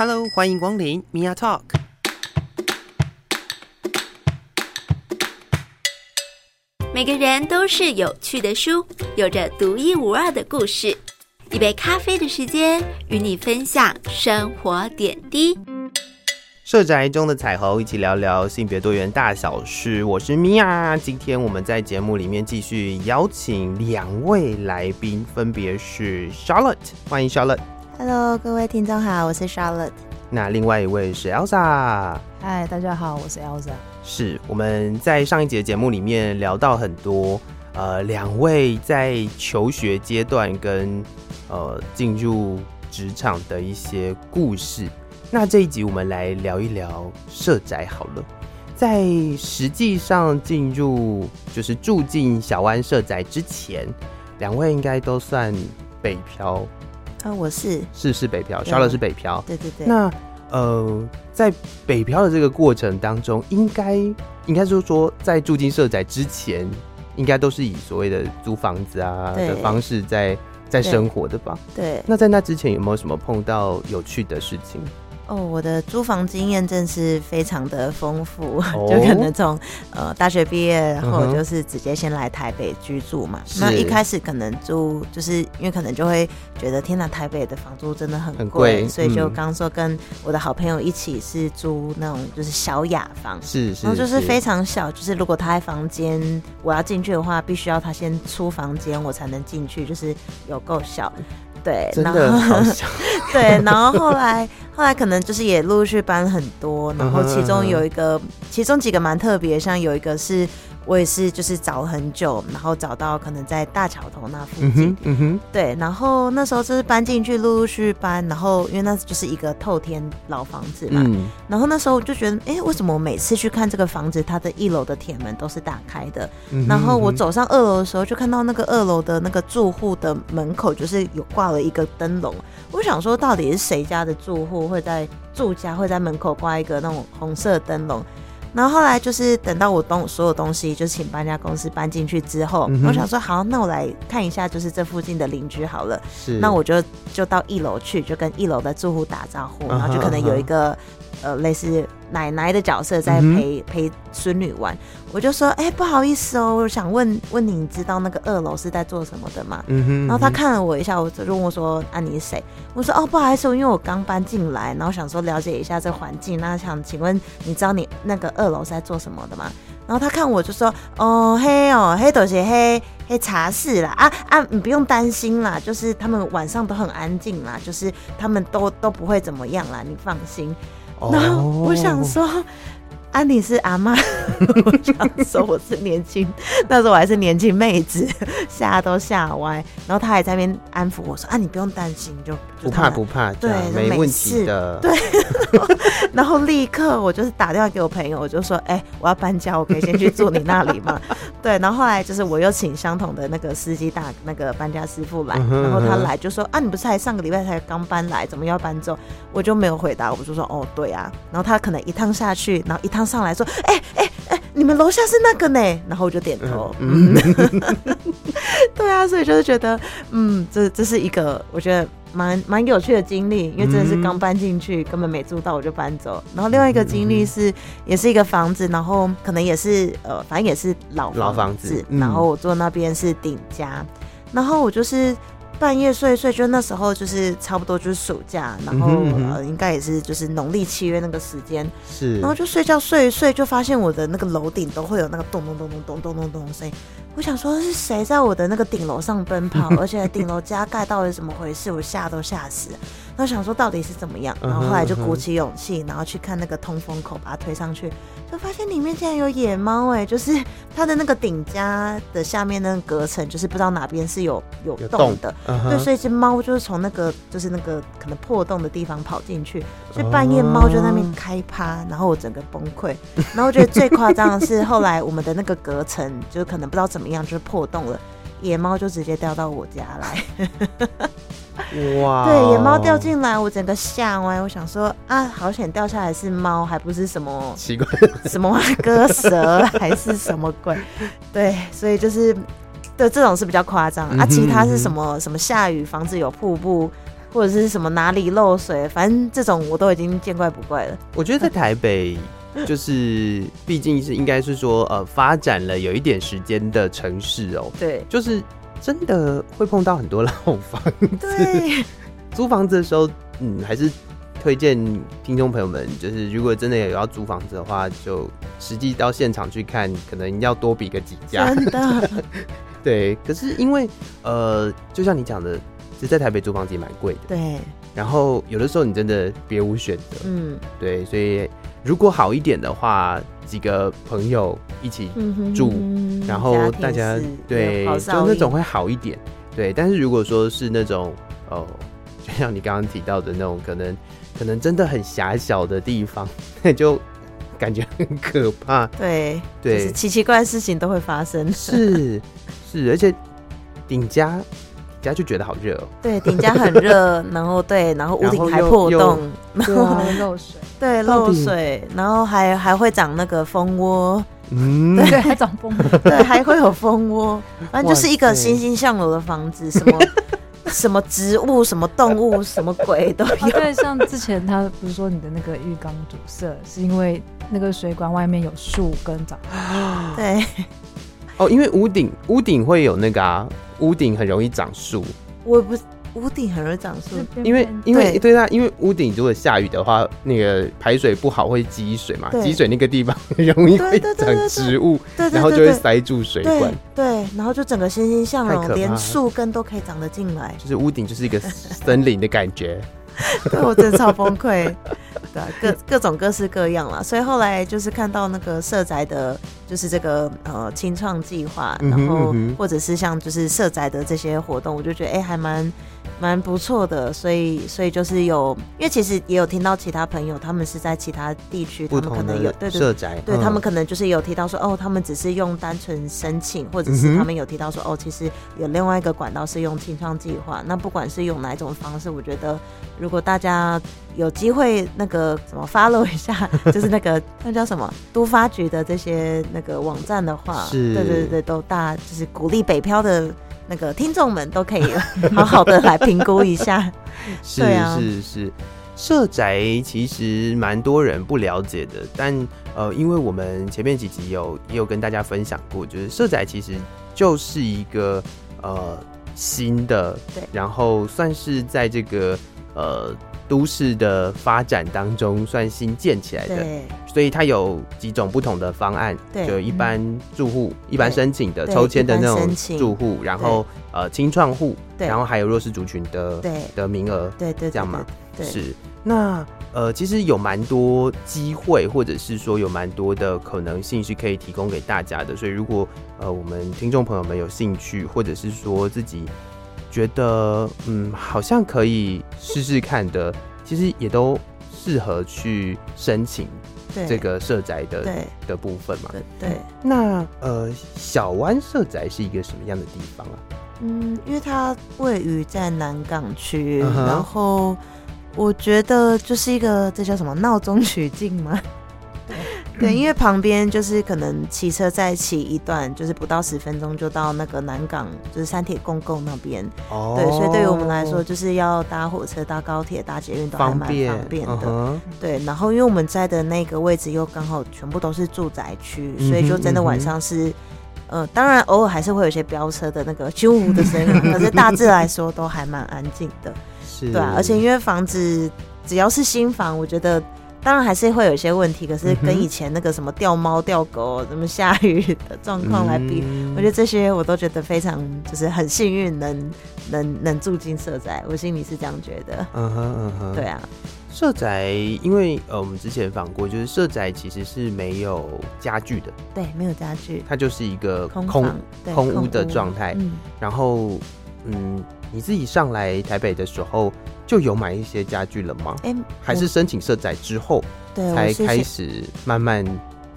Hello，歡迎光臨 Mia Talk。每個人都是有趣的書，有着獨一無二的故事。一杯咖啡的時間，與你分享生活點滴。社宅中的彩虹，一起聊聊性別多元大小事。我是 Mia，今天我們在節目裡面繼續邀請兩位來賓，分別是 Charlotte，歡迎 Charlotte。Hello，各位聽眾好，我是 Charlotte。那另外一位是 Elza。Hi，大家好，我是 Elza。是我們在上一節節目裡面聊到很多，呃，兩位在求學階段跟呃進入職場的一些故事。那這一集我們來聊一聊社宅好了。在實際上進入就是住進小彎社宅之前，兩位應該都算北漂。啊，我是是是北漂，刷的是北漂，對，對對對。那呃，在北漂的這個過程當中，應該應該就是說，在住進社宅之前，應該都是以所謂的租房子啊的方式在對在生活的吧？對。對。那在那之前有沒有什麼碰到有趣的事情？哦，oh, 我的租房經驗真是非常的豐富，oh? 就可能從呃大學畢業，然後、uh huh. 就是直接先來台北居住嘛。是那一開始可能租，就是因為可能就會覺得天哪，台北的房租真的很貴，很貴所以就剛剛說跟我的好朋友一起是租那種就是小雅房，是、是、是、是，然後就是非常小，就是如果他在房間，我要進去的話，必須要他先出房間，我才能進去，就是有夠小。對，的然後 對，然後後來 後來可能就是也陸續搬很多，然後其中有一個， 其中幾個蠻特別，像有一個是。我也是，就是找很久，然後找到可能在大橋頭那附近。嗯哼，嗯哼。對。然後那時候就是搬進去，陸陸續續搬。然後因為那就是一個透天老房子嘛。嗯、然後那時候我就覺得，哎、欸，為什麼我每次去看這個房子，它的一樓的鐵門都是打開的？然後我走上二樓的時候，就看到那個二樓的那個住戶的門口，就是有掛了一個燈籠。我想說，到底是誰家的住戶會在住家會在門口掛一個那種紅色燈籠？然後後來就是等到我東所有東西就請搬家公司搬進去之後，嗯、哼我想說好，那我來看一下就是這附近的鄰居好了，是那我就就到一樓去，就跟一樓的住戶打招呼，啊、哈然後就可能有一個。呃，類似奶奶的角色在陪、嗯、哼陪孫女玩，我就說，哎、欸，不好意思哦，我想問問你知道那個二樓是在做什麼的嗎？嗯哼，嗯哼，然後他看了我一下，我就問我說，啊，你是誰？我說，哦，不好意思哦，因為我剛搬進來，然後想說了解一下這環境，那想請問你知道你那個二樓是在做什麼的嗎？然後他看我就說，哦嘿哦，黑斗鞋，嘿嘿茶室啦，啊啊，你不用擔心啦，就是他們晚上都很安靜啦，就是他們都都不會怎麼樣啦，你放心。然後我想說。Oh. 安迪、啊、是阿媽， 我這樣說，我是年輕， 那時候我還是年輕妹子，嚇都嚇歪。然後他還在那邊安撫我說：“啊，你不用擔心，就，就不怕不怕，對，沒，事沒問題的。對”對。然後立刻我就是打電話給我朋友，我就說：“哎、欸，我要搬家，我可以先去住你那裡嗎？” 對。然後後來就是我又請相同的那個司機大那個搬家師傅來，然後他來就說：“啊，你不是還上個禮拜才剛搬來，怎麼要搬走？”我就沒有回答，我就說：“哦，對啊。”然後他可能一趟下去，然後一趟。上來說，哎哎哎，你們樓下是那個呢？然後我就點頭。嗯嗯、 對啊，所以就是覺得，嗯，這這是一個我覺得蠻蠻有趣的經歷，因為真的是剛搬進去，嗯、根本沒住到我就搬走。然後另外一個經歷是，嗯、也是一個房子，然後可能也是呃，反正也是老房老房子。嗯、然後我坐那邊是頂家，然後我就是。半夜睡一睡，就那時候就是差不多就是暑假，然後呃應該也是就是農曆七月那個時間，是，然後就睡覺睡一睡，就發現我的那個樓頂都會有那個咚咚咚咚咚咚咚咚聲音，我想說是誰在我的那個頂樓上奔跑，而且頂樓加蓋到底怎麼回事？我嚇都嚇死。就想說到底是怎麼樣，然後後來就鼓起勇氣，uh huh, uh huh. 然後去看那個通風口，把它推上去，就發現裡面竟然有野貓哎！就是它的那個頂加的下面那個隔層，就是不知道哪邊是有有洞的，洞 uh huh. 對，所以隻貓就是從那個就是那個可能破洞的地方跑進去，所以半夜貓就在那邊開趴，uh huh. 然後我整個崩潰。然後我覺得最誇張的是，後來我們的那個隔層就可能不知道怎麼樣就是破洞了，野貓就直接掉到我家來。 哇！Wow. 對，野貓掉進來，我整個嚇歪。我想說啊，好險掉下來是貓，還不是什麼奇怪的什麼割舌還是什麼鬼。對，所以就是，對，這種是比較誇張、嗯、哼啊。其他是什麼、嗯、哼什麼下雨，房子有瀑布，或者是什麼哪裡漏水，反正這種我都已經見怪不怪了。我覺得在台北， 就是畢竟是應該是說呃發展了有一點時間的城市哦。對，就是。真的會碰到很多老房子。對租房子的時候，嗯，還是推薦聽眾朋友們，就是如果真的有要租房子的話，就實際到現場去看，可能要多比個幾家。真的， 對。可是因為，呃，就像你講的，其實在台北租房子也蠻貴的。對。然後有的時候你真的別無選擇。嗯，對。所以如果好一點的話。幾個朋友一起住，嗯、哼哼哼然後大家，家對，就那種會好一點。對，但是如果說是那種，哦，就像你剛剛提到的那種，可能可能真的很狹小的地方， 就感覺很可怕。對對，對奇奇怪怪事情都會發生。是是，而且頂家。家就覺得好熱哦。對，頂加很熱，然後對，然後屋頂還破洞，然後漏水。對，漏水，然後還還會長那個蜂窩。嗯，對，還長蜂窩，對，還會有蜂窩。反正就是一個欣欣向榮的房子，什麼什麼植物、什麼動物、什麼鬼都有。因為像之前他不是說你的那個浴缸堵塞，是因為那個水管外面有樹根長。對。哦，因為屋頂屋頂會有那個啊。屋頂很容易長樹，我不是屋頂很容易長樹，因為因為對，對啊，因為屋頂如果下雨的話，那個排水不好會積水嘛，積對水那個地方很容易會長植物，然後就會塞住水管，對，對，對，對，對，對，對，然後就整個欣欣向榮，連樹根都可以長得進來，就是屋頂就是一個森林的感覺。 對，我真的超崩潰，對、啊，各各種各式各樣了，所以後來就是看到那個社宅的，就是這個呃青創計劃，然後或者是像就是社宅的這些活動，我就覺得哎、欸，還蠻蠻不錯的，所以所以就是有，因為其實也有聽到其他朋友，他們是在其他地區，他們可能有對對對,、嗯、對，他們可能就是有提到說哦，他們只是用單純申請，或者是他們有提到說、嗯、哼哦，其實有另外一個管道是用青創計劃。那不管是用哪一種方式，我覺得如果大家有機會那個什麼 follow 一下，就是那個那 叫什麼都發局的這些那個網站的話，是，對，對對對，都大就是鼓勵北漂的。那個聽眾們都可以好好的來評估一下， 是、啊、是是、是，社宅其實蠻多人不了解的，但呃，因為我們前面幾集有也有跟大家分享過，就是社宅其實就是一個呃新的，對，然後算是在這個呃。都市的發展當中算新建起來的，所以它有幾種不同的方案，就一般住戶一般申請的抽籤的那種住戶，然後呃青創戶，然後還有弱勢族群的的名額，對對這樣嘛，是那呃其實有蠻多機會，或者是說有蠻多的可能性是可以提供給大家的，所以如果呃我們聽眾朋友們有興趣，或者是說自己。覺得嗯，好像可以試試看的，嗯、其實也都適合去申請這個社宅的對的部分嘛。對，對，對，那呃，小彎社宅是一個什麼樣的地方啊？嗯，因為它位於在南港區，uh huh. 然後我覺得就是一個這叫什麼鬧中取靜嘛。 對，因為旁邊就是可能騎車再騎一段，就是不到十分鐘就到那個南港，就是三鐵共構那邊。哦。對，所以對於我們來說，就是要搭火車、搭高鐵、搭捷運都還蠻方便的。方便，嗯哼、對，然後因為我們在的那個位置又剛好全部都是住宅區，所以就真的晚上是，嗯哼嗯哼呃，當然偶爾還是會有一些飆車的那個咻咻的聲音， 可是大致來說都還蠻安靜的。是。對啊，而且因為房子，只要是新房，我覺得。當然還是會有一些問題，可是跟以前那個什麼掉貓掉狗，什麼下雨的狀況來比，嗯、我覺得這些我都覺得非常，就是很幸運，能能能住進社宅，我心裡是這樣覺得。嗯哼嗯哼，嗯哼對啊，社宅因為呃我們之前訪過，就是社宅其實是沒有家具的，對，沒有家具，它就是一個空空，空屋的狀態。嗯、然後嗯，對你自己上來台北的時候。就有買一些家具了嗎？哎、欸，還是申請社宅之後，嗯、對，才開始慢慢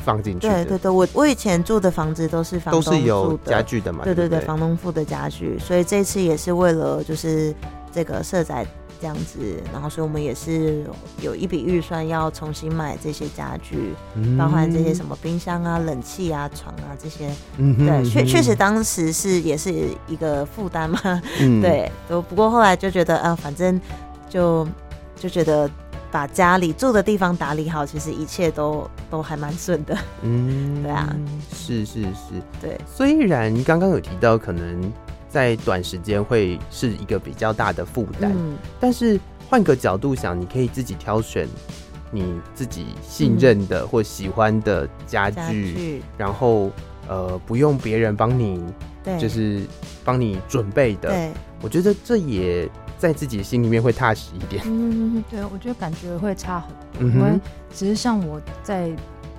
放進去。對對對，我我以前住的房子都是房東都是有家具的嘛，對對對，對對對，房東付的家具，所以這次也是為了就是這個社宅。這樣子，然後，所以我們也是有一筆預算要重新買這些家具，嗯、包含這些什麼冰箱啊、冷氣啊、床啊這些。嗯哼嗯，對，確確實當時是也是一個負擔嘛。嗯，對。都不過後來就覺得啊、呃，反正就就覺得把家裡住的地方打理好，其實一切都都還蠻順的。嗯， 對啊。是是是。對。雖然剛剛有提到可能。在短時間會是一個比較大的負擔，嗯、但是換個角度想，你可以自己挑選你自己信任的或喜歡的家具，家具，然後呃不用別人幫你，對就是幫你準備的，對我覺得這也在自己心裡面會踏實一點。嗯，對，我覺得感覺會差很多。其實、嗯、哼像我在。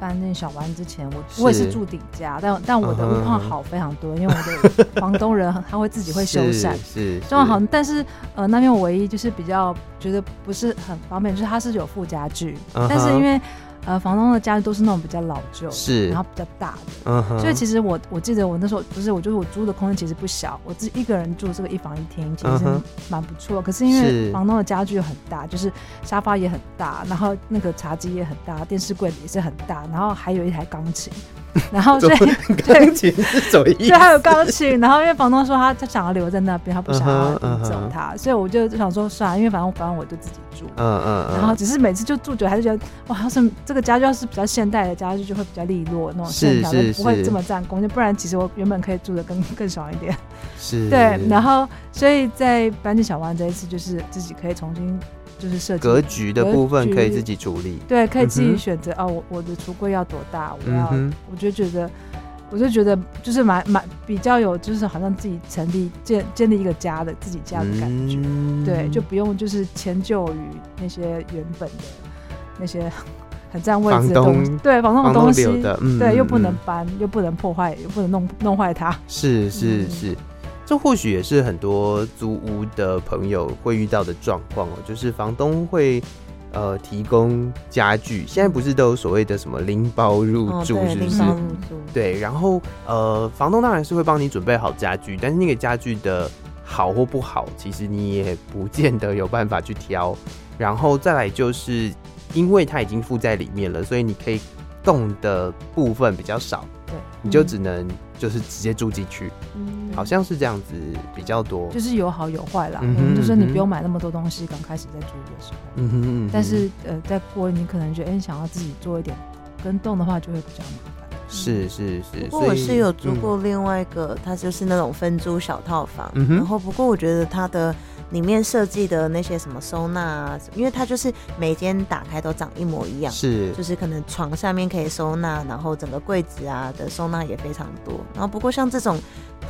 搬進小彎之前，我是我也是住頂加，但但我的屋況好非常多，uh huh. 因為我的房東人 他會自己會修繕，是，裝好。但是呃，那邊我唯一就是比較覺得不是很方便，就是它是有附家具，uh huh. 但是因為。呃，房東的家具都是那種比較老舊，是，然後比較大的，uh huh. 所以其實我，我記得我那時候不是，我就是我租的空間其實不小，我自己一個人住這個一房一廳，其實蠻不錯。Uh huh. 可是因為房東的家具很大，就是沙發也很大，然後那個茶几也很大，電視櫃也是很大，然後還有一台鋼琴，然後所以 對，鋼琴是走一，對，還有鋼琴。然後因為房東說他他想要留在那邊，他不想要不走他，uh huh. 所以我就想說算了，因為反正反正我就自己住，嗯嗯、uh，huh. 然後只是每次就住久還是覺得哇，什是這。這個家具要是比較現代的家具，就會比較利落，那種線條就不會這麼占空間。不然，其實我原本可以住得更更爽一點。是， 對。然後，所以在搬進小彎這一次，就是自己可以重新就是設計格局的部分，可以自己處理。對，可以自己選擇。嗯、哼哦，我我的櫥櫃要多大？我要，嗯、哼我就覺得，我就覺得，就是蠻蠻比較有，就是好像自己成立建建立一個家的自己家的感覺。嗯、對，就不用就是遷就於那些原本的那些。房東，對，房東的東西，房東留的嗯、對，又不能搬，又不能破壞，又不能弄弄壞它。是是是，是是嗯、這或許也是很多租屋的朋友會遇到的狀況哦，就是房東會呃提供家具，現在不是都有所謂的什麼拎包入住，哦、是不是？拎包入住，對，然後呃，房東當然是會幫你準備好家具，但是那個家具的好或不好，其實你也不見得有辦法去挑。然後再來就是。因為它已經附在裡面了，所以你可以動的部分比較少，對，嗯、你就只能就是直接住進去，嗯，好像是這樣子比較多，就是有好有壞啦。就、嗯、哼說你不用買那麼多東西，嗯、哼剛開始在住的時候，嗯哼，嗯哼但是呃，在過你可能覺得哎，欸、你想要自己做一點跟動的話，就會比較麻煩。嗯、是是是，不過我是有租過另外一個，嗯、它就是那種分租小套房，嗯、哼然後不過我覺得它的。裡面設計的那些什麼收納啊，因為它就是每間打開都長一模一樣，是，就是可能床下面可以收納，然後整個櫃子啊的收納也非常多。然後不過像這種，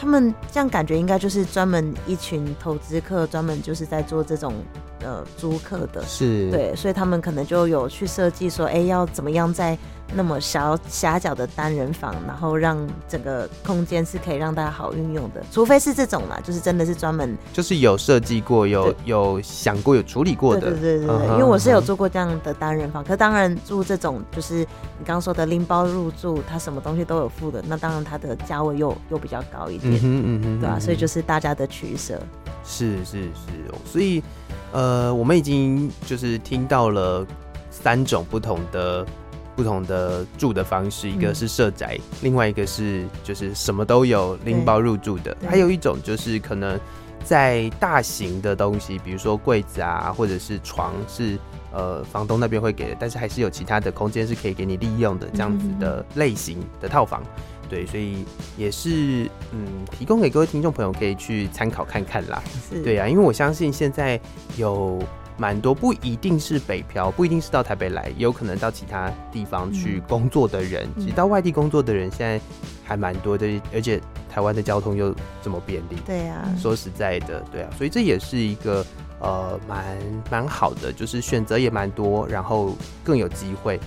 他們這樣感覺應該就是專門一群投資客，專門就是在做這種呃租客的，是對，所以他們可能就有去設計說，哎，要怎麼樣在。那麼小，狹小的單人房，然後讓整個空間是可以讓大家好運用的，除非是這種啦，就是真的是專門就是有設計過，有對有想過，有處理過的，對對對，對，對，嗯、哼因為我是有住過這樣的單人房，嗯、哼可當然住這種就是你剛剛說的拎包入住，它什麼東西都有付的，那當然它的價位又又比較高一點，嗯嗯嗯，對吧，啊，所以就是大家的取舍，是是是，所以呃，我們已經就是聽到了三種不同的。不同的住的方式，一個是社宅，嗯、另外一個是就是什麼都有拎包入住的，還有一種就是可能在大型的東西，比如說櫃子啊，或者是床是呃房東那邊會給的，但是還是有其他的空間是可以給你利用的這樣子的類型的套房。嗯、哼對，所以也是嗯，提供給各位聽眾朋友可以去參考看看啦。是對啊，因為我相信現在有。蠻多，不一定是北漂，不一定是到台北來，也有可能到其他地方去工作的人。嗯，其實到外地工作的人現在還蠻多的，而且台灣的交通又這麼便利。對啊，說實在的，對啊，所以這也是一個呃，蠻蠻好的，就是選擇也蠻多，然後更有機會。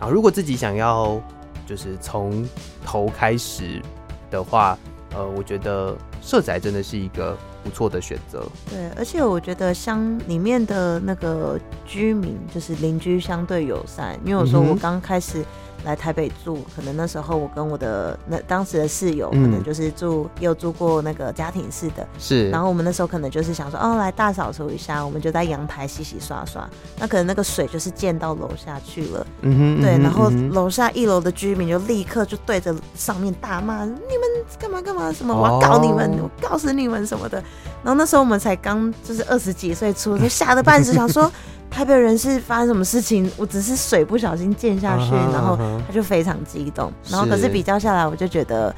然後如果自己想要就是從頭開始的話，呃，我覺得社宅真的是一個。不錯的選擇，對，而且我覺得像裡面的那個居民，就是鄰居相對友善，因為我說我剛開始、嗯。來台北住，可能那時候我跟我的那當時的室友，可能就是住又、嗯、住過那個家庭式的，是。然後我們那時候可能就是想說，哦，來大掃除一下，我們就在陽台洗洗刷刷，那可能那個水就是濺到樓下去了，嗯哼，對。嗯、哼然後樓下一樓的居民就立刻就對着上面大罵：“嗯、哼你們幹嘛幹嘛什麼？我要告你們，哦、我告死你們什麼的。”然後那時候我們才剛就是二十幾歲出，就嚇得半死，想說。 台北人是發生什麼事情？我只是水不小心濺下去，uh huh, uh huh. 然後他就非常激動。是然後可是比較下來，我就覺得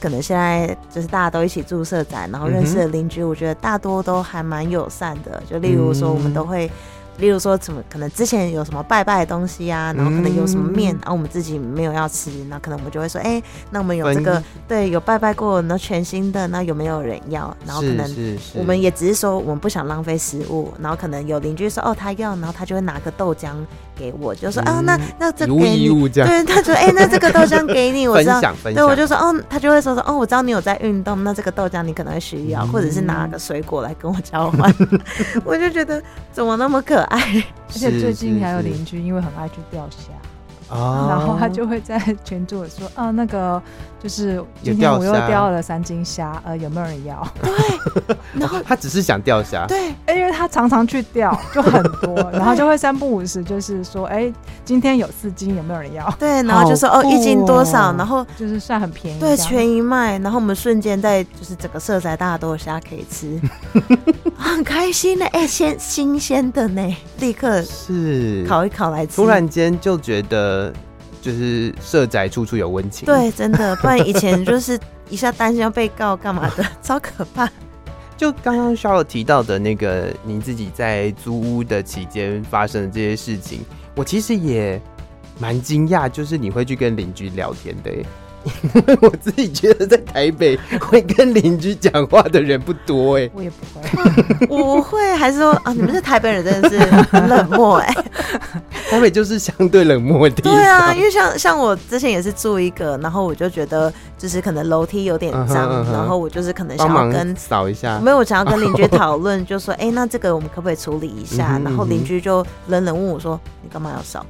可能現在就是大家都一起住社宅，然後認識的鄰居，我覺得大多都還蠻友善的。Mm hmm. 就例如說，我們都會。例如說，怎麼可能之前有什麼拜拜的東西啊？然後可能有什麼麵，嗯、然後我們自己沒有要吃，那可能我們就會說，哎、欸，那我們有這個分對，有拜拜過，那全新的，那有沒有人要？然後可能我們也只是說，我們不想浪費食物。然後可能有鄰居說，哦，他要，然後他就會拿個豆漿。給我就說、嗯、啊，那那這給你對，他說哎、欸，那這個豆漿給你， 我知道，享對，我就說哦，他就會說說哦，我知道你有在運動，那這個豆漿你可能會需要，嗯、或者是拿個水果來跟我交換，嗯、 我就覺得怎麼那麼可愛，是是是，而且最近還有鄰居因為很愛去釣蝦，是是是，然後他就會在群組說啊那個。就是今天我又釣了三斤蝦，呃，有沒有人要？ 對，然後、哦、他只是想釣蝦，對，哎，因為他常常去釣，就很多， 對然後就會三不五時，就是說，哎、欸，今天有四斤，有沒有人要？對，然後就說酷哦，一斤多少？然後就是算很便宜，對，全一賣，然後我們瞬間在就是整個社宅大家都有蝦可以吃， 很開心的，哎、欸，新鮮的呢，立刻是烤一烤來吃，突然間就覺得。就是社宅處處有溫情，對，真的，不然以前就是一下擔心要被告幹嘛的， 超可怕。就剛剛 Charlotte 提到的那個，你自己在租屋的期間發生的這些事情，我其實也蠻驚訝，就是你會去跟鄰居聊天的。因為 我自己覺得在台北會跟鄰居講話的人不多哎、欸，我也不會， 啊、我會還是說啊，你們是台北人，真的是很冷漠哎、欸。台北就是相對冷漠的。對啊，因為像像我之前也是住一個，然後我就覺得就是可能樓梯有點髒，uh huh, uh、huh, 然後我就是可能想要跟掃一下，沒有，我想要跟鄰居討論，oh. 就說哎、欸，那這個我們可不可以處理一下？Uh huh, uh huh. 然後鄰居就冷冷問我說：“你幹嘛要掃？”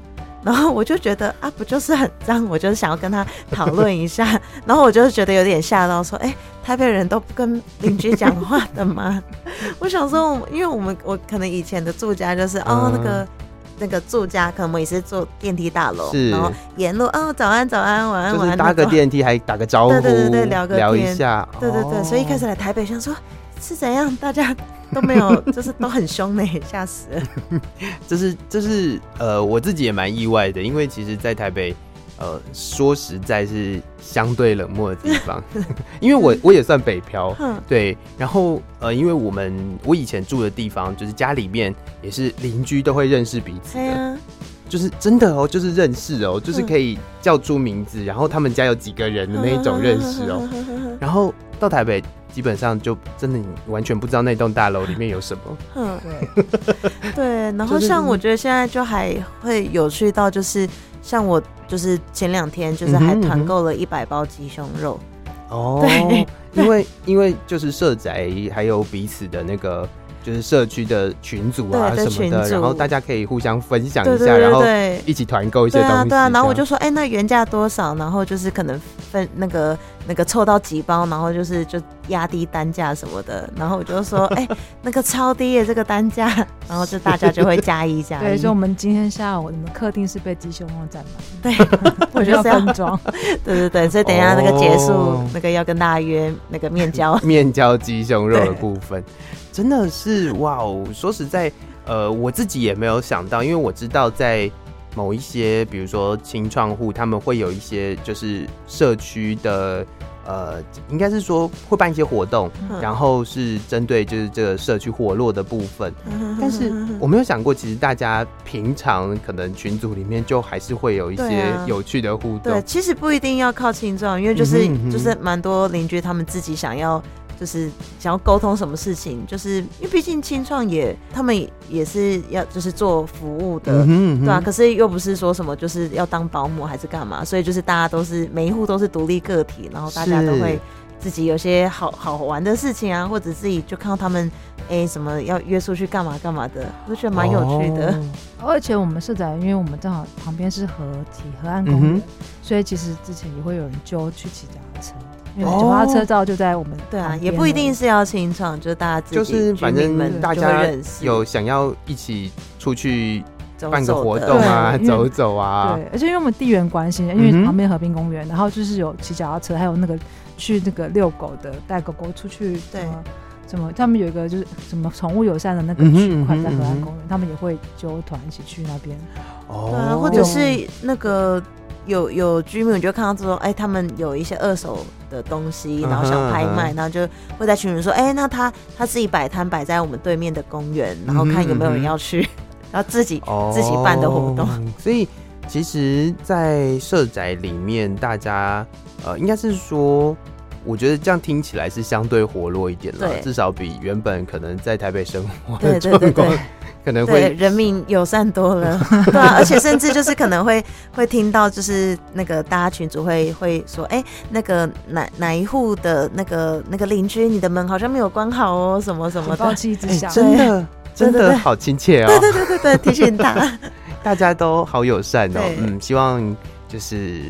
然後我就覺得啊，不就是很髒，我就是想要跟他討論一下。 然後我就是覺得有點嚇到說，說、欸、哎，台北人都不跟鄰居講話的嗎？ 我想說，因為我們我可能以前的住家就是、嗯、哦，那個那個住家可能也是坐電梯大樓，是然後沿路哦，早安早安、晚安晚安，搭個電梯安還打個招呼，對對對對，聊個天聊一下，對對對，哦、所以一開始來台北想說，是怎樣？大家都沒有，就是都很兇呢、欸，嚇 死了！就是就是呃，我自己也蠻意外的，因為其實，在台北，呃，說實在是相對冷漠的地方， 因為我我也算北漂 對。然後呃，因為我們我以前住的地方，就是家裡面也是鄰居都會認識彼此，哎、呀就是真的哦，就是認識哦，就是可以叫出名字， 然後他們家有幾個人的那一種認識哦。 然後到台北。基本上就真的完全不知道那棟大樓裡面有什麼。對， 對，然後像我覺得現在就還會有趣到，就是像我就是前兩天就是還團購了一百包雞胸肉。哦、嗯嗯。Oh, 對。因為因為就是社宅還有彼此的那個。就是社區的群組啊群組、什麼的，然後大家可以互相分享一下，對對對對，然後一起團購一些東西。對啊，對啊。然後我就說，哎、欸，那原價多少？然後就是可能分那個那個湊到幾包，然後就是就壓低單價什麼的。然後我就說，哎、 欸，那個超低的這個單價，然後就大家就會加一下。對，所以我們今天下午，你們客廳是被雞胸肉占滿。對， 我覺得這樣裝。 對對對，所以等一下那個結束，哦、那個要跟大家約那個面交面交雞胸肉的部分。真的是哇哦！說實在，呃，我自己也沒有想到，因為我知道在某一些，比如說青創戶，他們會有一些就是社區的，呃，應該是說會辦一些活動，然後是針對就是這個社區活絡的部分。但是我沒有想過，其實大家平常可能群組裡面就還是會有一些有趣的互動。對啊，對，其實不一定要靠青創，因為就是，嗯哼哼，就是蠻多鄰居他們自己想要。就是想要溝通什麼事情，就是因為畢竟青創也，他們也是要就是做服務的，嗯哼嗯哼對啊，可是又不是說什麼就是要當保姆還是幹嘛，所以就是大家都是每一戶都是獨立個體，然後大家都會自己有些好好玩的事情啊，或者自己就看到他們哎、欸、什麼要約出去幹嘛幹嘛的，就覺得蠻有趣的、哦。而且我們社在，因為我們正好旁邊是河堤河岸公園，嗯、哼所以其實之前也會有人揪去騎腳踏車。腳踏車照就在我們、哦、對啊，也不一定是要清場，就是大家自己。就是反正大家有想要一起出去辦個活動啊，走走，走走啊。對，而且因為我們地緣關係，因為旁邊河濱公園，嗯、哼然後就是有騎腳踏車，還有那個去那個遛狗的，帶狗狗出去。對。怎麼他們有一個就是什麼寵物友善的那個區塊在河濱公園，他們也會揪團一起去那邊。哦對、啊。或者是那個。有有居民，我就看到說，哎、欸，他們有一些二手的東西，然後想拍賣，嗯、然後就會在群裡面說，哎、欸，那他他自己擺攤擺在我們對面的公園，然後看有沒有人要去，嗯、 然後自己、哦、自己辦的活動。所以其實，在社宅裡面，大家呃，應該是說，我覺得這樣聽起來是相對活絡一點了，對至少比原本可能在台北生活對，對對對。可能會人民友善多了， 對啊，而且甚至就是可能會會聽到，就是那個大家群組會會說，哎、欸，那個哪哪一戶的那個那個鄰居，你的門好像沒有關好哦，什麼什麼的，抱歉一下、欸，真的真的對對對好親切哦，對對對對,對提醒他大， 大家都好友善哦，對嗯，希望就是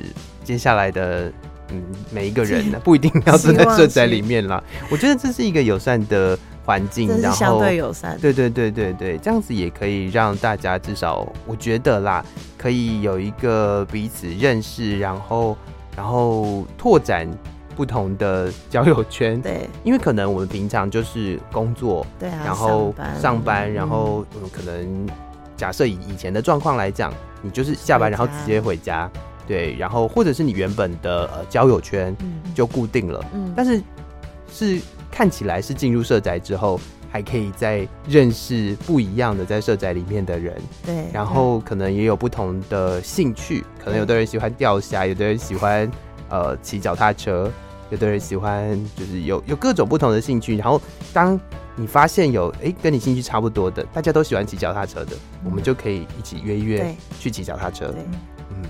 接下來的嗯每一個人呢、啊，不一定要住在住宅裡面啦，我覺得這是一個友善的。環境，相對友善，然後對對對對對，這樣子也可以讓大家至少，我覺得啦，可以有一個彼此認識，然後然後拓展不同的交友圈。對，因為可能我們平常就是工作，對啊，然後上班，嗯、上班然後我們可能假設以以前的狀況來講，嗯、你就是下班然後直接回家，回家，對，然後或者是你原本的呃交友圈就固定了，嗯，嗯但是是。看起來是進入社宅之後，還可以再認識不一樣的在社宅裡面的人。對，然後可能也有不同的興趣，對可能有的人喜歡釣蝦，有的人喜歡呃騎腳踏車，有的人喜歡就是有有各種不同的興趣。然後當你發現有哎、欸、跟你興趣差不多的，大家都喜歡騎腳踏車的，對我們就可以一起約一約去騎腳踏車。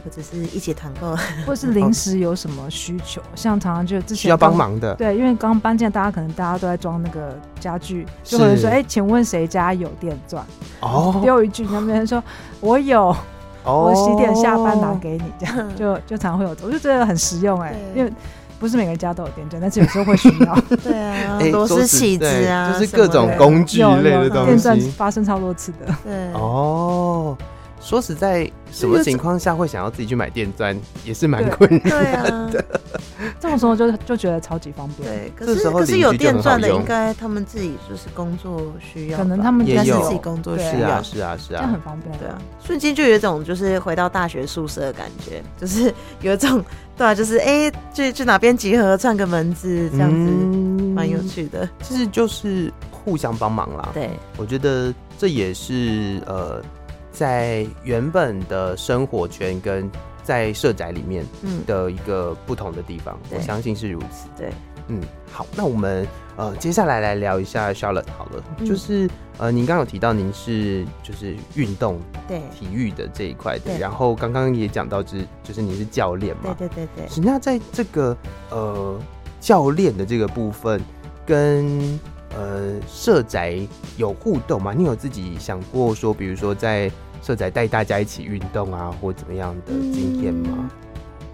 或者是一起團購，或者是臨時有什麼需求，像常常就之前需要幫忙的，對，因為剛搬進來，大家可能大家都在裝那個家具，就可能說：“哎，請問誰家有電鑽？”哦，丟一句，那邊人說：“我有，我十點下班拿給你。”這樣就就常會有，我就覺得很實用哎，因為不是每個家都有電鑽，但是有時候會需要。對啊，螺絲起子啊，就是各種工具一類的東西，電鑽發生超多次的。對哦。說實在，什麼情況下會想要自己去買電鑽，也是蠻困難的。啊、 這種時候就就覺得超級方便。對，可是可是有電鑽的，應該他們自己就是工作需要，可能他們應該是自己工作需要是啊，是啊，是啊，就很方便。對啊，瞬間就有一種就是回到大學宿舍的感覺，就是有一種對啊，就是哎，去、欸、去哪邊集合，串個門子，這樣子蠻、嗯、有趣的。其實就是互相幫忙啦。對，我覺得這也是呃。在原本的生活圈跟在社宅裡面的一個不同的地方，嗯、我相信是如此。對，對，嗯，好，那我們呃接下來來聊一下 Charlotte 好了，嗯、就是呃您剛剛有提到您是就是運動對體育的這一塊的，對然後剛剛也講到就是就是您是教練嘛，對對對對。那在這個呃教練的這個部分跟呃社宅有互動嗎？你有自己想過說，比如說在社仔帶大家一起運動啊，或怎麼樣的經驗嗎、嗯？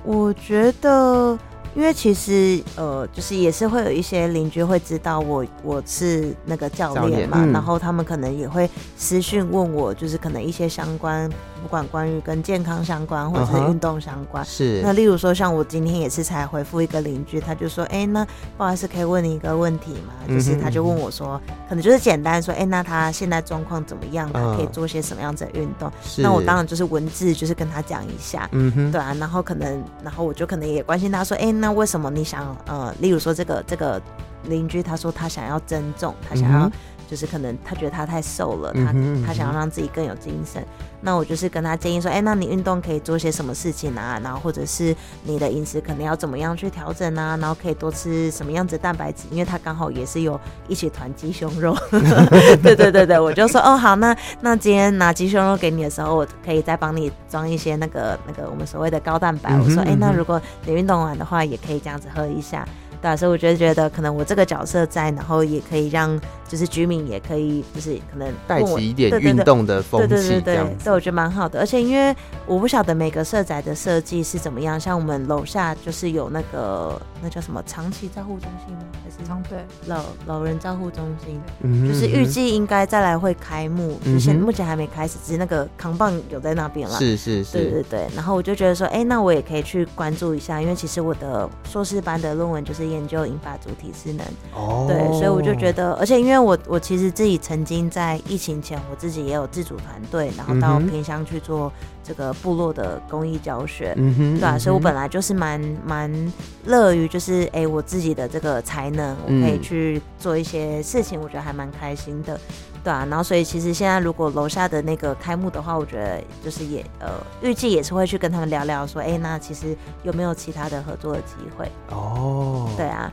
我覺得。因為其實呃，就是也是會有一些鄰居會知道我我是那個教練嘛，嗯、然後他們可能也會私訊問我，就是可能一些相關，不管關於跟健康相關或者是運動相關，是、uh huh、那例如說像我今天也是才回復一個鄰居，他就說，哎、欸，那不好意思，可以問你一個問題嗎？就是他就問我說，嗯、哼可能就是簡單說，哎、欸，那他現在狀況怎麼樣？他可以做些什麼樣子的運動？Uh huh、那我當然就是文字就是跟他講一下，嗯哼、uh，huh、對啊，然後可能然後我就可能也關心他說，哎、欸。那為什麼你想呃，例如說這個這個鄰居，他說他想要增重，他想要、嗯哼，就是可能他覺得他太瘦了，他嗯哼嗯哼他想要讓自己更有精神。那我就是跟他建議說，哎、欸，那你運動可以做些什麼事情啊？然後或者是你的飲食可能要怎麼樣去調整啊？然後可以多吃什麼樣子的蛋白質？因為他剛好也是有一起團雞胸肉， 對對對對，我就說哦好，那那今天拿雞胸肉給你的時候，我可以再幫你裝一些那個那個我們所謂的高蛋白。嗯哼嗯哼，我說，哎、欸，那如果你運動完的話，也可以這樣子喝一下。對、啊，所以我覺得覺得可能我這個角色在，然後也可以讓就是居民也可以，就是可能帶起一點運動的風氣對，對對對對，對，我覺得蠻好的。而且因為我不曉得每個社宅的設計是怎麼樣，像我們樓下就是有那個那叫什麼長期照護中心嗎？還是長、對隊老老人照護中心，嗯哼。就是預計應該再來會開幕，目前、嗯、哼目前還沒開始，只是那個扛棒有在那邊啦。是是是，對對對。然後我就覺得說，哎、欸，那我也可以去關注一下，因為其實我的碩士班的論文就是。研究引發主體智能，oh. 對，所以我就覺得，而且因為我我其實自己曾經在疫情前，我自己也有自主團隊，然後到偏鄉去做這個部落的公益教學，mm hmm. 對吧，啊？所以，我本來就是蠻蠻樂於，就是誒、欸，我自己的這個才能，我可以去做一些事情，我覺得還蠻開心的。對啊，然後所以其實現在如果樓下的那個開幕的話，我覺得就是也呃預計也是會去跟他們聊聊說，說、欸、哎，那其實有沒有其他的合作的機會？哦，對啊，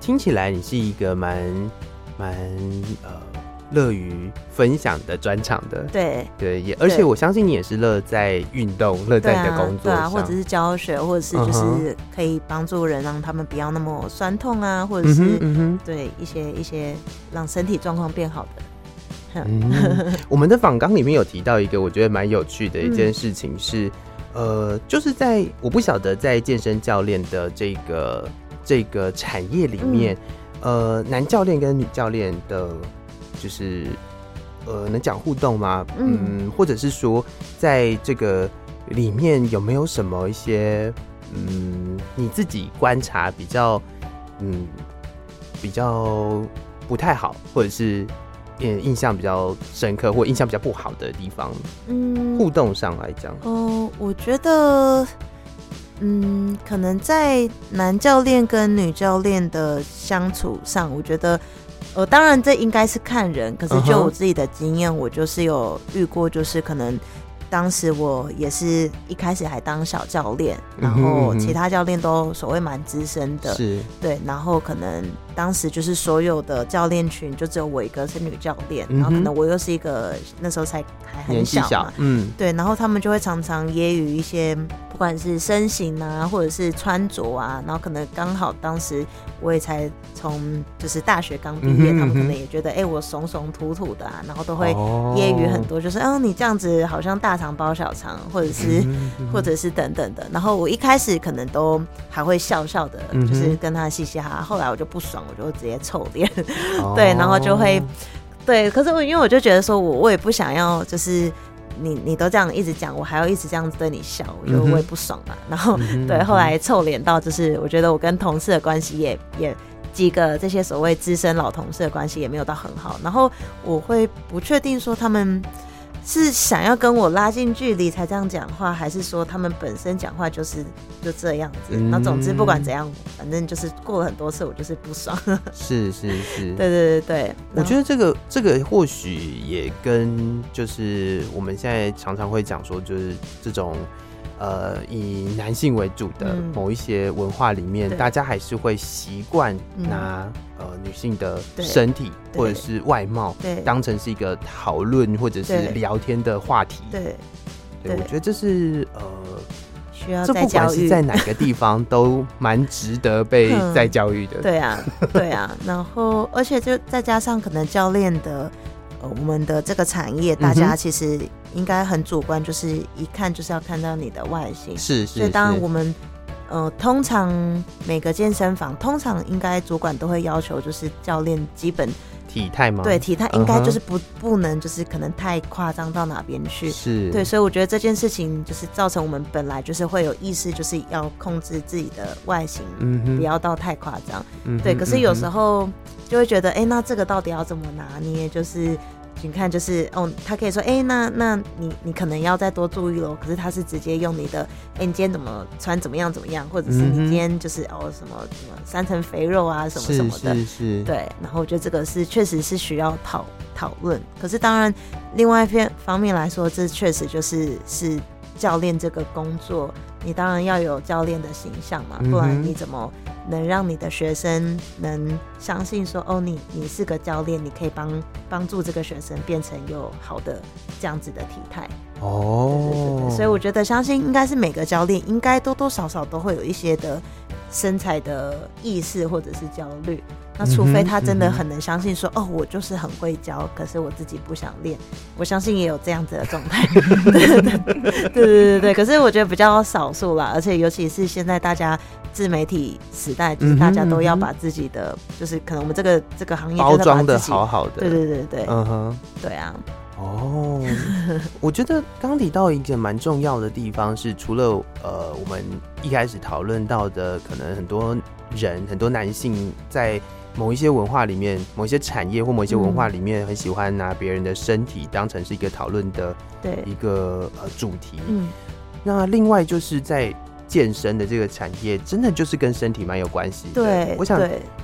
聽起來你是一個蠻蠻樂於分享的專長的，對對，也而且我相信你也是樂在運動，樂在你的工作對、啊，對啊，或者是教學，或者是就是可以幫助人讓他們不要那麼酸痛啊，或者是嗯，哼嗯哼對一些一些讓身體狀況變好的。 嗯，我們的訪綱裡面有提到一個我覺得蠻有趣的一件事情是，嗯、呃，就是在我不曉得在健身教練的這個這個產業裡面，嗯、呃，男教練跟女教練的，就是呃，能講互動嗎？嗯，或者是說在這個裡面有沒有什麼一些嗯，你自己觀察比較嗯，比較不太好，或者是？嗯，印象比較深刻或印象比較不好的地方，嗯，互動上來講，嗯、呃，我覺得，嗯，可能在男教練跟女教練的相處上，我覺得，呃，當然這應該是看人，可是就我自己的經驗，我就是有遇過，就是可能當時我也是一開始還當小教練，然後其他教練都所謂蠻資深的，是、嗯、哼對，然後可能。當時就是所有的教練群就只有我一個是女教練，嗯、哼然後可能我又是一個那時候才還很小嘛，年紀小。嗯，對，然後他們就會常常揶揄一些，不管是身形啊，或者是穿着啊，然後可能剛好當時我也才從就是大學剛畢業，嗯哼嗯哼他們可能也覺得哎、欸、我慫慫土土的，啊，然後都會揶揄很多，就是哦、啊、你這樣子好像大腸包小腸，或者是嗯哼嗯哼或者是等等的，然後我一開始可能都還會笑笑的，嗯、哼就是跟他嘻嘻哈，後來我就不爽。我就直接臭臉，Oh. 對，然後就會，對，可是我因為我就覺得說，我我也不想要，就是你你都這樣一直講，我還要一直這樣子對你笑，我就我也不爽嘛。Mm-hmm. 然後、mm-hmm. 對，後來臭臉到就是，我覺得我跟同事的關係也也幾個這些所謂資深老同事的關係也沒有到很好，然後我會不確定說他們。是想要跟我拉近距離才這樣講話，還是說他們本身講話就是就這樣子？那、嗯、總之不管怎樣，反正就是過了很多次，我就是不爽是。是是是， 對對對，對。我覺得這個這個或許也跟就是我們現在常常會講說，就是這種。呃，以男性為主的某一些文化裡面，嗯、大家還是會習慣拿、嗯、呃女性的身體或者是外貌對當成是一個討論或者是聊天的話題。對，對，對，我覺得這是呃需要這，不管是在哪個地方都蠻值得被再教育的，嗯。對啊，對啊，然後而且就再加上可能教練的。我們的這個產業，大家其實應該很主觀，嗯、哼就是一看就是要看到你的外形。是，是，是，所以當然我們，呃，通常每個健身房通常應該主管都會要求，就是教練基本。體態嗎？對，體態應該就是不、uh huh. 不能，就是可能太誇張到哪邊去。是對，所以我覺得這件事情就是造成我們本來就是會有意識，就是要控制自己的外形，嗯哼，不要到太誇張。嗯、哼對，可是有時候就會覺得，哎、嗯哼欸，那這個到底要怎麼拿捏？就是。你看，就是哦，他可以說，哎、欸，那那你你可能要再多注意咯，可是他是直接用你的，哎、欸，你今天怎麼穿，怎麼樣怎麼樣，或者是你今天就是哦什麼什麼三層肥肉啊，什麼什麼的，是是是，對。然後我覺得這個是確實是需要討討論。可是當然，另外一方面來說，這確實就是是教練這個工作，你當然要有教練的形象嘛，不然你怎麼能讓你的學生能相信說，哦，你你是個教練，你可以幫幫助這個學生變成有好的這樣子的體態哦，是是。所以我覺得，相信應該是每個教練應該多多少少都會有一些的身材的意識或者是焦慮。那除非他真的很能相信說，說、嗯嗯、哦，我就是很會教，可是我自己不想練。我相信也有這樣子的狀態， 對對對對，對，可是我覺得比較少數啦，而且尤其是現在大家自媒體時代，就是、大家都要把自己的，嗯嗯、就是可能我們這個這個行業包裝的好好的，對，對對對對，嗯哼、uh，huh、對啊。哦，oh, 我覺得剛提到一個蠻重要的地方是，除了呃，我們一開始討論到的，可能很多人很多男性在。某一些文化裡面，某一些產業或某一些文化裡面，很喜歡拿別人的身體當成是一個討論的一個主題。嗯，那另外就是在健身的這個產業，真的就是跟身體蠻有關係。對，我想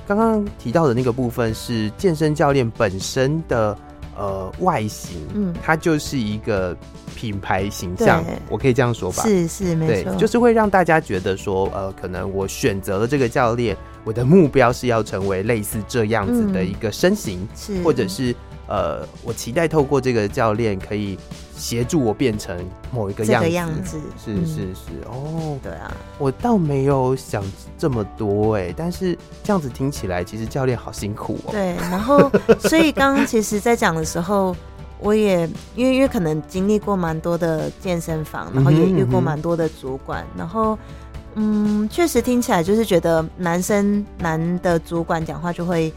剛剛提到的那個部分是健身教練本身的。呃，外形，嗯，它就是一個品牌形象，對我可以這樣說吧，是，是，沒錯，就是會讓大家覺得說，呃，可能我選擇了這個教練，我的目標是要成為類似這樣子的一個身形，嗯，是，或者是，呃，我期待透過這個教練可以。協助我變成某一個樣子，樣子是是是、嗯、哦，對啊，我倒沒有想這麼多哎，但是這樣子聽起來，其實教練好辛苦哦、喔。對，然後所以剛剛其實，在講的時候， 我也因為因為可能經歷過蠻多的健身房，然後也遇過蠻多的主管，嗯哼嗯哼然後嗯，確實聽起來就是覺得男生男的主管講話就會，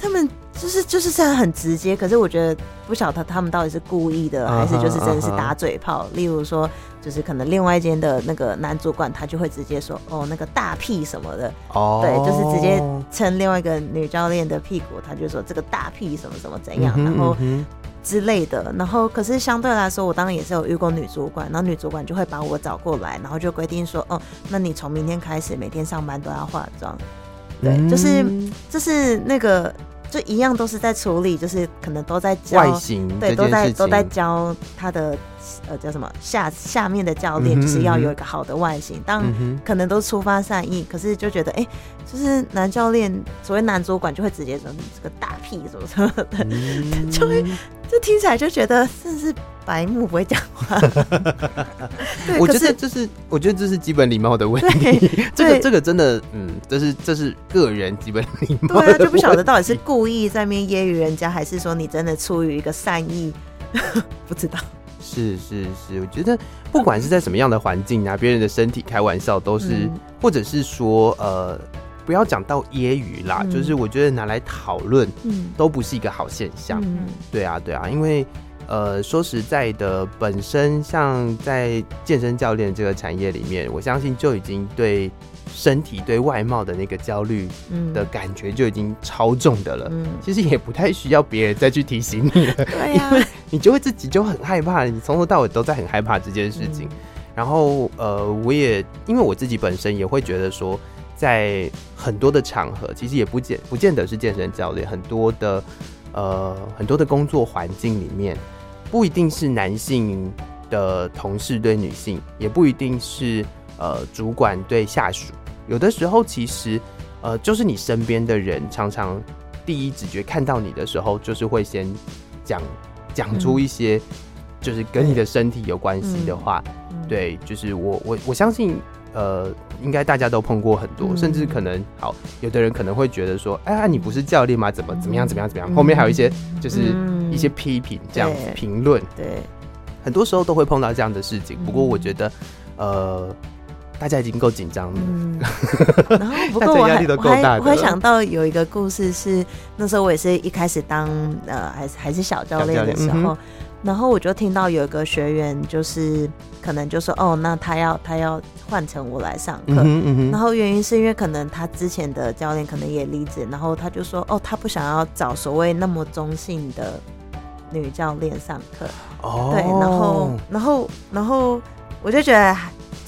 他們。就是就是雖然很直接，可是我覺得不曉得他們到底是故意的，啊、哈還是就是真的是打嘴炮。啊、哈例如說，就是可能另外一間的那個男主管，他就會直接說：“哦，那個大屁什麼的，哦、對，就是直接蹭另外一個女教練的屁股，他就說這個大屁什麼什麼怎樣，嗯、哼然後、嗯、哼之類的。然後，可是相對來說，我當然也是有遇過女主管，然後女主管就會把我找過來，然後就規定說：哦，那你從明天開始每天上班都要化妝，對，嗯、就是就是那個。”就一樣都是在處理，就是可能都在教，外型，對，都在都在教他的。呃，叫什麼下下面的教練就是要有一個好的外形，嗯嗯、當可能都出發善意，嗯、哼可是就覺得哎、欸，就是男教練，所謂男主管就會直接說，你這個大屁什麼什麼的，嗯、就會就聽起來就覺得這是白目不會講話。我覺得這是我覺得這是基本禮貌的問題。對，對這個這個真的，嗯，這是這是個人基本禮貌的問題。對啊，就不曉得到底是故意在那邊揶揄人家，還是說你真的出於一個善意， 不知道。是是是，我覺得不管是在什麼樣的環境拿、啊嗯、別人的身體開玩笑都是，或者是說呃，不要講到揶揄啦，嗯、就是我覺得拿來討論，嗯，都不是一個好現象。嗯、對啊，對啊，因為呃，說實在的，本身像在健身教練這個產業裡面，我相信就已經對。身體對外貌的那個焦慮的感覺就已經超重的了。嗯，其實也不太需要別人再去提醒你了，嗯，因為你就會自己就很害怕，你從頭到尾都在很害怕這件事情。嗯，然後，呃，我也因為我自己本身也會覺得說，在很多的場合，其實也不見不見得是健身教練，很多的呃很多的工作環境裡面，不一定是男性的同事對女性，也不一定是呃主管對下屬。有的時候，其實，呃，就是你身邊的人常常第一直覺看到你的時候，就是會先講講出一些就是跟你的身體有關係的話。對，就是我我我相信，呃，應該大家都碰過很多，嗯、甚至可能好，有的人可能會覺得說，哎、欸、呀、啊，你不是教練嗎？怎麼怎麼樣，怎麼樣，怎麼樣？嗯、後面還有一些就是一些批評這樣評論。對，對很多時候都會碰到這樣的事情。不過我覺得，嗯、呃。大家已經夠緊張了，嗯，然後不過我還，我還，我還，我還想到有一個故事，是那時候我也是一開始當呃還是還是小教練的時候，然後我就聽到有一個學員就是可能就說哦，那他要他要換成我來上課，嗯哼嗯哼，然後原因是因為可能他之前的教練可能也離職，然後他就說哦，他不想要找所謂那麼中性的女教練上課。哦、對，然後然後然後我就覺得。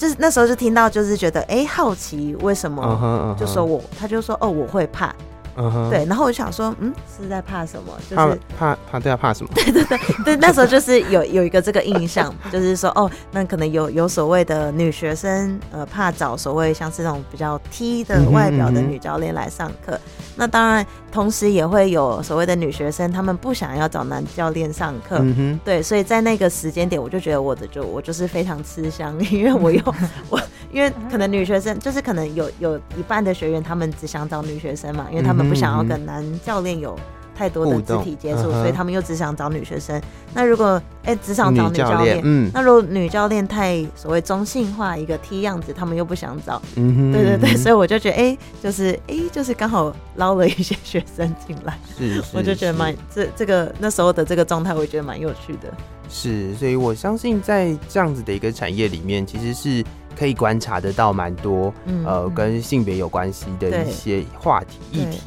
就是那時候就聽到，就是覺得哎、欸，好奇為什麼，就說我，他就說哦，我會怕。嗯，uh huh. 對，然後我就想說，嗯，是在怕什麼？就是怕怕，怕，對啊，怕什麼？對對對對，那時候就是有有一個這個印象， 就是說，哦，那可能有有所謂的女學生，呃，怕找所謂像是那種比較 T 的外表的女教練來上課。嗯哼嗯哼。那當然，同時也會有所謂的女學生，她們不想要找男教練上課。嗯哼。對，所以在那個時間點，我就覺得我的就我就是非常吃香，因為我又 我。因為可能女學生就是可能有有一半的學員，他們只想找女學生嘛，因為他們不想要跟男教練有太多的肢體接觸，所以他們又只想找女學生。那如果哎、欸、只想找女教練，教嗯、那如果女教練太所謂中性化一個 T 樣子，他們又不想找。嗯、哼對對對，所以我就覺得哎、欸，就是哎、欸，就是剛好撈了一些學生進來，是，是，我就覺得蠻這這個那時候的這個狀態，我覺得蠻有趣的。是，所以我相信在這樣子的一個產業裡面，其實是。可以觀察得到蠻多，嗯，呃，跟性別有關係的一些話題議題，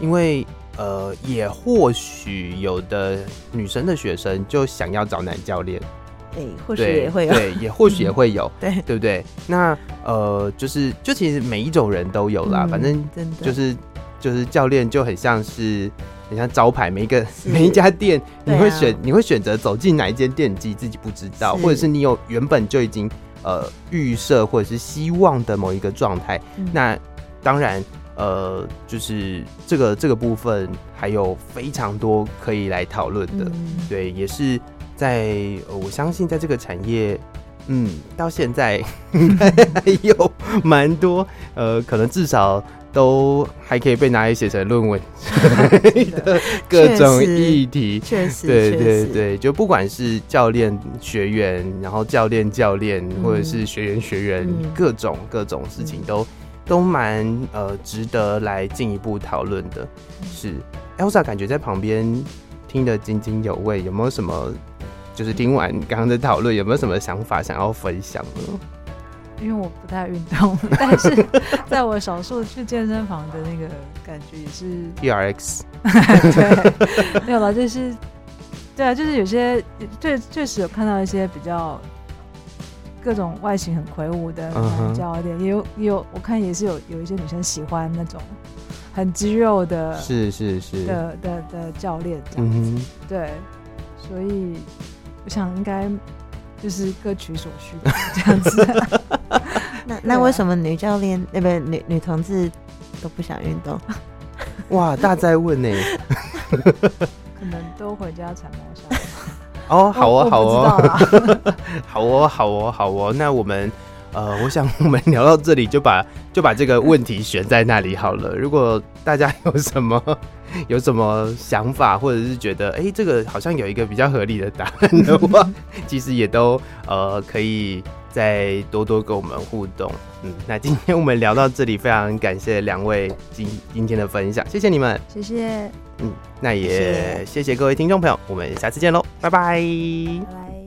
因為呃，也或許有的女生的學生就想要找男教練，哎，或許也會有，對，也或許也會有，對，對不對？那呃，就是就其實每一種人都有啦，反正真的就是就是教練就很像是，很像招牌，每一個每一家店，你會選你會選擇走進哪一間店，你自己不知道，或者是你有原本就已經。呃，預設或者是希望的某一個狀態，嗯、那當然，呃，就是這個這個部分還有非常多可以來討論的，嗯、對，也是在、呃、我相信，在這個產業，嗯，到現在、嗯、 還有蠻多，呃，可能至少。都還可以被拿來寫成論文 的 各種議題，確實，對對對，實就不管是教練學員，然後教練教練，嗯、或者是學員學員，嗯、各種各種事情都、嗯、都蠻呃值得來進一步討論的。對是，Elza 感覺在旁邊聽得津津有味，有沒有什麼就是聽完剛剛的討論，嗯、有沒有什麼想法想要分享呢？因為我不太運動，但是在我少數去健身房的那個感覺也是。B R X。對，沒有吧？就是，對啊，就是有些確確實有看到一些比較各種外形，很魁梧的、的教練，uh huh. 也有也有我看也是有有一些女生喜歡那種很肌肉的，是是是的的的教練這樣子。Mm hmm. 對，所以我想應該。就是各取所需的這樣子。那那為什麼女教練、 那邊女女同志都不想運動？哇，大在問呢。 可能都回家采毛上哦，哦哇好哦，好哦，好哦，好哦，好哦。那我們呃，我想我們聊到這裡，就把就把這個問題懸在那裡好了。如果大家有什麼。 有什麼想法，或者是覺得哎、欸，這個好像有一個比較合理的答案的話， 其實也都呃可以再多多跟我們互動。嗯，那今天我們聊到這裡，非常感謝兩位今今天的分享，謝謝你們，謝謝。嗯，那也謝謝各位聽眾朋友，我們下次見嘍，拜拜。拜拜。